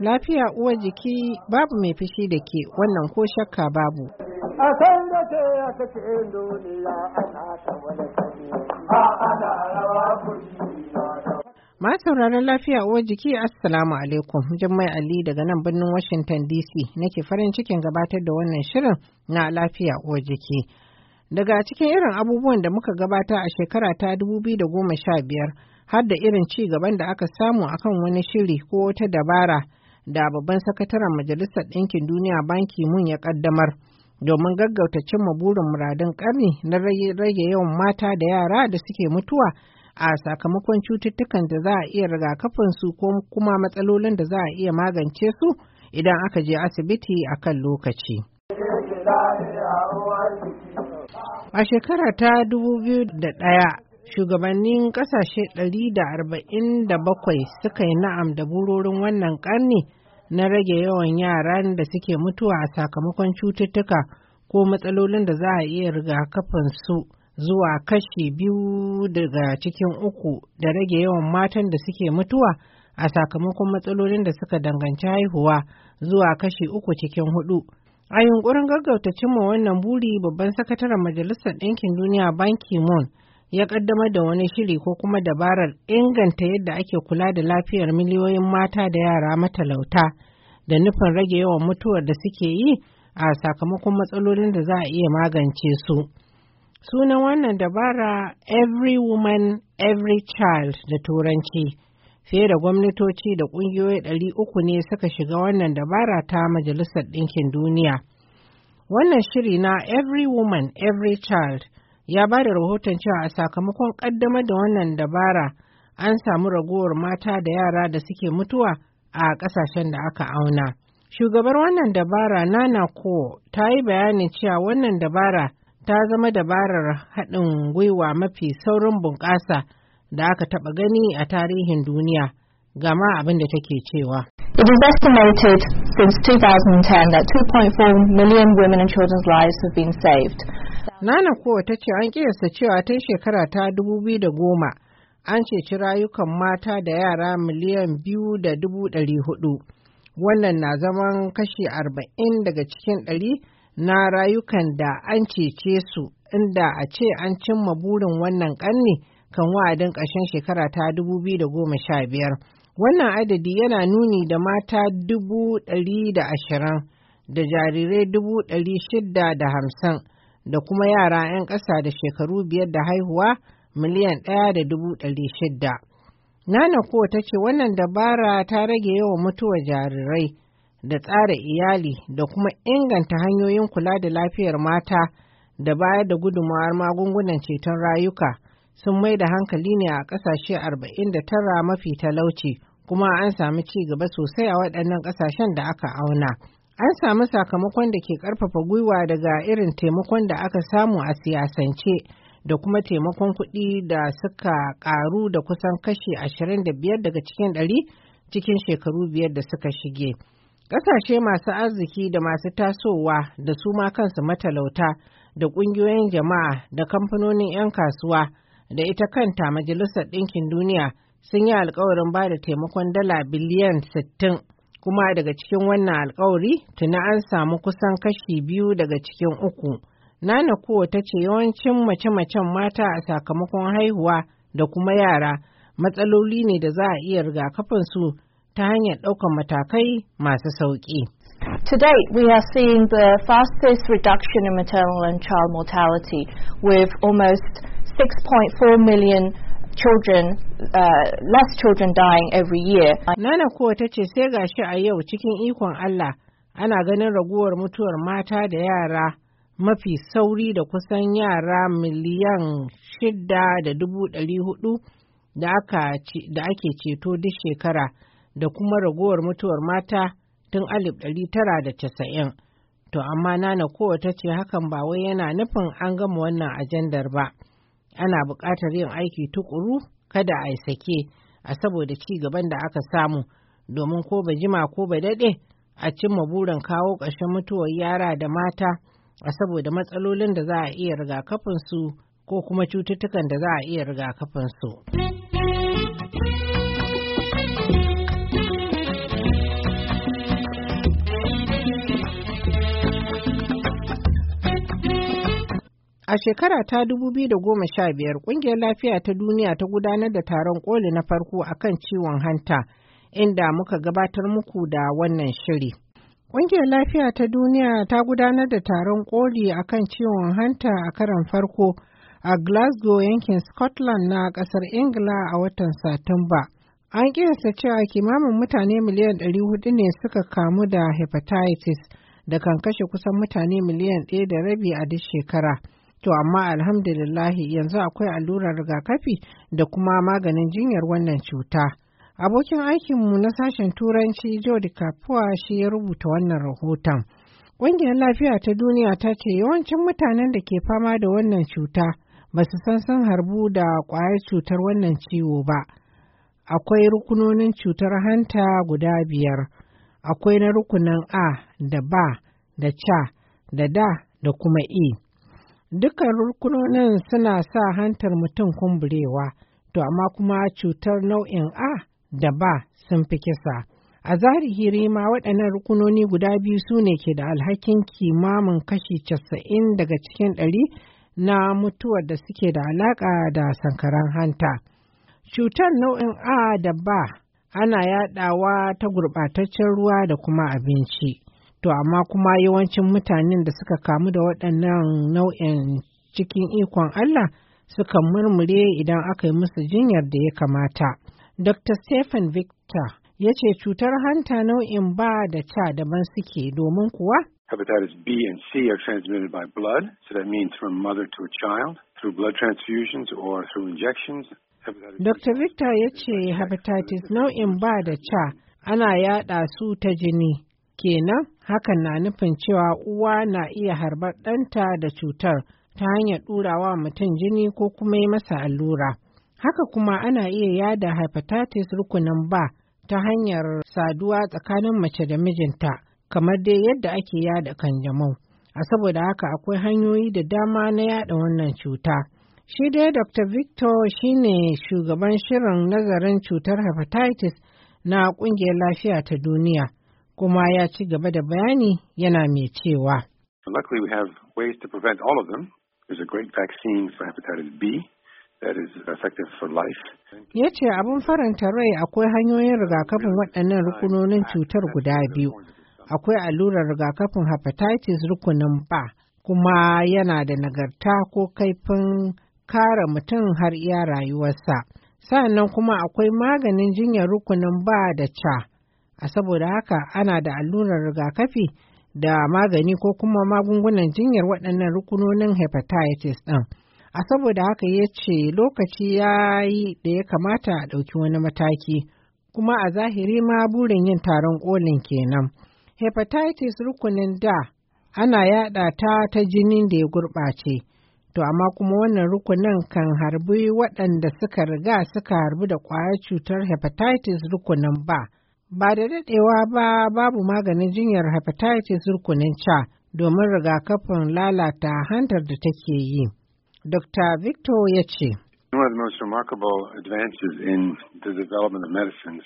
Lafiya uwar jiki babu mai fishi da ke wannan ko shakka babu. A san da ce ya kace duniya ana ta wani kare, a ana rawa kuji Ma sauraron lafiya uwar jiki Assalamu alaikum Jummai Ali daga nan birnin Washington DC nake farin cikin gabatar da wannan shirin na lafiya uwar jiki. Daga cikin irin abubuwan da muka gabata a shekara ta 2015 har da irin ci gaban da aka samu akan wani shiri ko wata dabara da babban sakataren Majalisar Ɗinkin Duniya Banki Mun ya ƙaddamar domin gaggauta cimma burin muradun ƙarni na rage yawan mata da yara da suke mutuwa a sakamakon cututtukan da za a iya rigakafin su ko kuma matsalolin da za a iya magance su idan aka je asibiti akan lokaci. A shekara ta 2001 shugabannin kasashe 147 suka yi na'am da burorin wannan karni na rage yawan yaran da suke mutuwa a sakamakon cututtuka ko matsalolin da za a iya rigakafin su zuwa kashi biyu daga cikin uku da rage yawan matan da suke mutuwa a sakamakon matsalolin da suka danganci haihuwa zuwa kashi uku cikin hudu A yunkurin gaggauta cimma wannan buri babban sakataren Majalisar Ɗinkin Duniya Ban Ki-moon ya ƙaddamar da wani shiri ko kuma dabarar inganta yadda ake kula da lafiyar miliyoyin mata da yara matalauta da nufin rage yawan mutuwar da suke yi a sakamakon matsalolin da za a iya magance su. Sunan wannan dabara Every Woman, Every Child da Turanci. Fiye da gwamnatoci da ƙungiyoyi ɗari uku ne suka shiga wannan dabara ta Majalisar Ɗinkin Duniya. Wannan shiri na Every Woman, Every Child ya ba da rahoton cewa a sakamakon ƙaddamar da wannan dabara an samu ragowar mata da yara da suke mutuwa a ƙasashen da aka auna. Shugabar wannan dabara Nana Ko ta yi bayanin cewa wannan dabara ta zama dabarar haɗin gwiwa mafi saurin bunƙasa da aka taba gani a tarihin duniya gama abin da take cewa. It is estimated since 2010 that 2.4 million women and children's lives have been saved. Nana kowa ta ce an kiyasta cewa tun shekara ta 2010 an ceci rayukan mata da yara miliyan biyu da dubu Wannan na zaman kashi 40 daga cikin ɗari na rayukan da an cece su inda a ce an cimma burin wannan ƙarni kan wa'adin ƙarshen shekara ta 2015. Wannan adadi yana nuni da mata 120,000 da jarirai 650,000 da kuma yara 'yan ƙasa da shekaru biyar da haihuwa miliyan ɗaya da dubu Nana ko ta ce wannan dabara ta rage yawan mutuwar jarirai da tsara iyali da kuma inganta hanyoyin kula da lafiyar mata da bayar da gudunmawar magungunan ceton rayuka. sun mai da hankali ne a ƙasashe tara mafi talauci kuma an sami ci gaba sosai a waɗannan ƙasashen da aka auna. An sami sakamakon da ke ƙarfafa gwiwa daga irin taimakon da aka samu a siyasance da kuma taimakon kuɗi da suka ƙaru da kusan kashi biyar daga cikin ɗari cikin shekaru biyar da suka shige. Ƙasashe masu arziki da masu tasowa da su ma kansu matalauta da ƙungiyoyin jama'a da kamfanonin 'yan kasuwa. da ita kanta Majalisar Ɗinkin Duniya sun yi alkawarin ba da taimakon dala biliyan 60 kuma daga cikin wannan alkawari tuna an samu kusan kashi biyu daga cikin uku. Nana kowa ta ce yawancin mace-macen mata a sakamakon haihuwa da kuma yara matsaloli ne da za a iya rigakafin su ta hanyar ɗaukar matakai masu sauƙi. To date, we are seeing the fastest reduction in maternal and child mortality with almost 6.4 million children uh, less children dying every year. Nana ko ta ce sai gashi a yau cikin ikon Allah ana ganin raguwar mutuwar mata da yara mafi sauri da kusan yara miliyan shida da dubu ɗari hudu da ake ceto duk shekara da kuma raguwar mutuwar mata tun alif ɗari tara da casa'in. To amma nana kowa ta ce hakan ba wai yana nufin an gama wannan ajandar ba. ana buƙatar yin aiki tukuru kada a sake a saboda ci gaban da aka samu domin ko ba jima ko ba daɗe a cimma burin kawo ƙarshen mutuwar yara da mata a saboda matsalolin da za a iya rigakafinsu ko kuma cututtukan da za a iya rigakafinsu. A shekara ta 2015 ƙungiyar lafiya ta duniya ta gudanar da taron ƙoli na farko a kan ciwon hanta inda muka gabatar muku da wannan shiri. Ƙungiyar lafiya ta duniya ta gudanar da taron ƙoli a kan ciwon hanta a karan farko a Glasgow yankin Scotland na ƙasar Ingila a watan Satumba. An kiyasta cewa kimamin mutane miliyan 400 ne suka kamu da hepatitis da kan kashe kusan mutane miliyan ɗaya da rabi a duk shekara. To amma alhamdulillahi yanzu akwai allurar rigakafi da kuma maganin jinyar wannan cuta. Abokin aikinmu na sashen Turanci Jodi Kapuwa shi ya rubuta wannan rahoton. Ƙungiyar lafiya ta duniya ta ce yawancin mutanen da ke fama da wannan cuta ba su san sun harbu da ƙwayar cutar wannan ciwo ba. Akwai rukunonin cutar hanta guda biyar. Akwai na rukunan A da B da C da D da kuma E. Dukkan rukunonin suna sa hantar mutum kumburewa, to amma kuma cutar nau'in A da ba sun fi kisa. A zahiri ma waɗannan rukunoni guda biyu su ne ke da alhakin kimamin kashi casa'in daga cikin ɗari na mutuwar da suke da alaƙa da sankaran hanta. Cutar nau'in A da ba ana yaɗawa ta gurɓataccen ruwa da kuma abinci. To amma kuma yawancin mutanen da suka kamu da waɗannan nau'in cikin ikon Allah suka murmure idan aka yi musu jinyar da ya kamata. Dr. Stephen Victor ya ce cutar hanta nau'in ba da ca daban suke domin kuwa Hepatitis B and C are transmitted by blood, so that means from mother to a child, through blood transfusions or through injections. Dr. Victor ya ce hepatitis nau'in ba da ca ana yada su ta jini kenan hakan na nufin cewa uwa na iya harbar ɗanta da cutar ta hanyar ɗurawa mutum jini ko kuma yi masa allura haka kuma ana iya yada hepatitis rukunin ba ta hanyar saduwa tsakanin mace da mijinta kamar dai yadda ake yada kanjamau a saboda haka akwai hanyoyi da dama na yada wannan cuta shi dai dr victor shine shugaban shirin nazarin cutar hepatitis na ƙungiyar lafiya ta duniya kuma ya ci gaba da bayani yana mai cewa. Luckily we have ways to prevent all of them. There's a great vaccine for hepatitis B Ya ce abin faranta rai akwai hanyoyin rigakafin waɗannan rukunonin cutar guda biyu. Akwai allurar rigakafin hepatitis rukunin ba kuma yana da nagarta ko kaifin kare mutum har iya rayuwarsa. Sa'annan kuma akwai maganin jinyar rukunin ba da ca a saboda haka ana da allurar rigakafi da magani ko kuma magungunan jinyar waɗannan rukunonin hepatitis ɗin. A saboda haka ya ce lokaci ya yi da ya kamata a ɗauki wani mataki, kuma a zahiri ma burin yin taron ƙolin kenan. Hepatitis rukunin da ana yada ta ta jinin da ya gurɓace, to amma kuma wannan rukunin kan harbi waɗanda suka riga suka harbi da ƙwayar cutar hepatitis rukunin ba. Ba da daɗewa ba babu maganin jinyar hepatitis rukunin ca domin rigakafin lalata hantar da take yi. Dr. Victor ya ce. One of the most remarkable advances in the development of medicines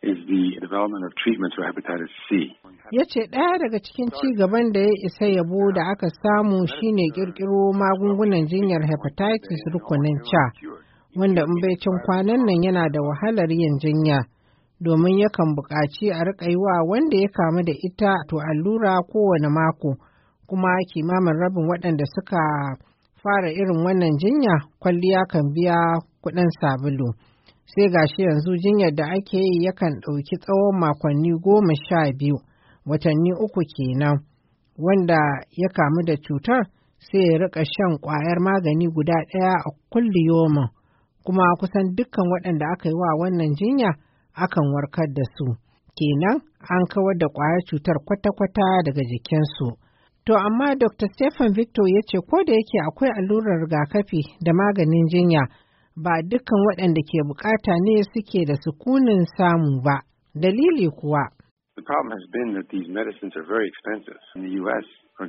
is the development of treatments for hepatitis C. Ya ce ɗaya daga cikin ci gaban da ya isa yabo da aka samu shine ƙirƙiro magungunan jinyar hepatitis rukunin ca, wanda in bai cin kwanan nan yana da wahalar yin jinya. domin yakan buƙaci a riƙa yi wa wanda ya kamu da ita to allura kowane mako kuma kimamin rabin waɗanda suka fara irin wannan jinya kwalliya kan biya kuɗin sabulu sai gashi yanzu jinyar da ake yi yakan ɗauki tsawon makonni goma sha biyu watanni uku kenan wanda ya kamu da cutar sai ya riƙa shan ƙwayar magani guda ɗaya a kulli yomin, kuma kusan dukkan waɗanda aka yi wa wannan jinya akan warkar da su. Kenan an kawar da ƙwayar cutar kwata-kwata daga jikinsu. To amma Dr. Stephen Victor ya ce ko da yake akwai allurar rigakafi da maganin jinya ba dukkan waɗanda ke bukata ne suke da sukunin samu ba. Dalili kuwa. The problem has been that these medicines US, for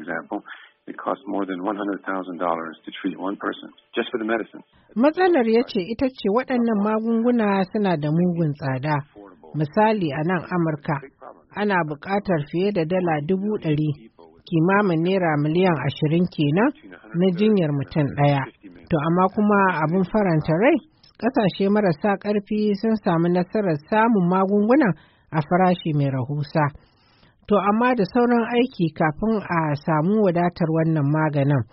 It costs more than $100,000 to treat one person just for the medicine. Matsalar ya ce ita ce waɗannan magunguna suna da mugun tsada. Misali a nan Amurka, ana buƙatar fiye da dala dubu ɗari, kimamin naira miliyan ashirin kenan na jinyar mutum ɗaya. To amma kuma abin faranta rai, ƙasashe marasa ƙarfi sun samu nasarar samun magungunan a farashi mai rahusa. To amma da sauran aiki kafin a samu wadatar wannan maganin.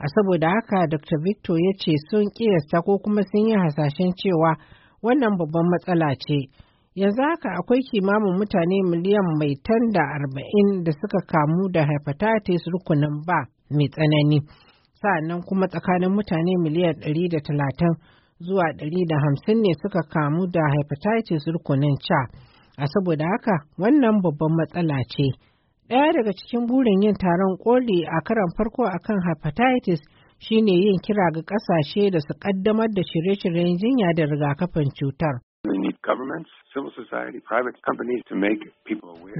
A saboda haka Dr. Victor ya ce sun ƙiyasta ko kuma sun yi hasashen cewa wannan babban matsala ce. Yanzu haka akwai kimanin mutane miliyan mai tan da arba'in da suka kamu da hepatitis rukunin ba mai tsanani. Sa'annan kuma tsakanin mutane miliyan ɗari da talatin zuwa ɗari da hamsin ne suka kamu da hepatitis rukunin ca. A saboda haka wannan babban matsala ce. Ɗaya daga cikin burin yin taron koli a karan farko akan hepatitis shine yin kira ga ƙasashe da su ƙaddamar da shirye-shiryen jinya da rigakafin cutar.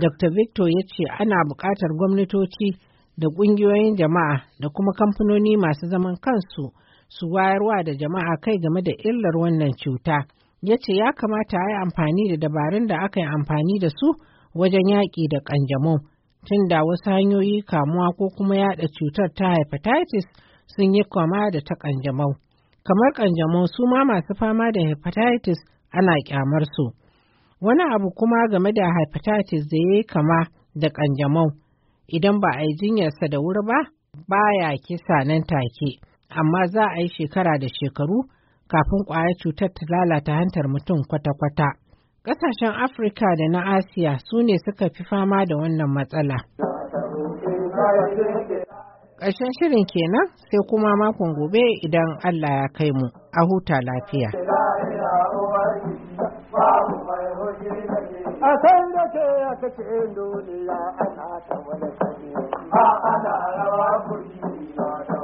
Dr. Victor ya ce ana buƙatar gwamnatoci da ƙungiyoyin jama'a da kuma kamfanoni masu zaman kansu su wayarwa da jama'a kai game da illar wannan cuta. ya ce ya kamata a yi amfani da dabarun da aka yi amfani da su wajen yaƙi da ƙanjamau tun da wasu hanyoyi kamuwa ko kuma yaɗa cutar ta hepatitis sun yi kama da ta ƙanjamau kamar ƙanjamau su ma masu fama da hepatitis ana ƙyamar su wani abu kuma game da hepatitis da ya yi kama da ƙanjamau idan ba a yi jinyarsa da wuri ba baya kisa nan take amma za a yi shekara da shekaru kafin kwayar cutar ta lalata hantar mutum kwata-kwata. Ƙasashen Afirka da na Asiya su ne suka fi fama da wannan matsala. Ƙarshen shirin kenan sai kuma makon gobe idan Allah ya kai mu a huta lafiya. A san da ke aka ce duniya ana ta wani sani, ba ana rawa kuri ba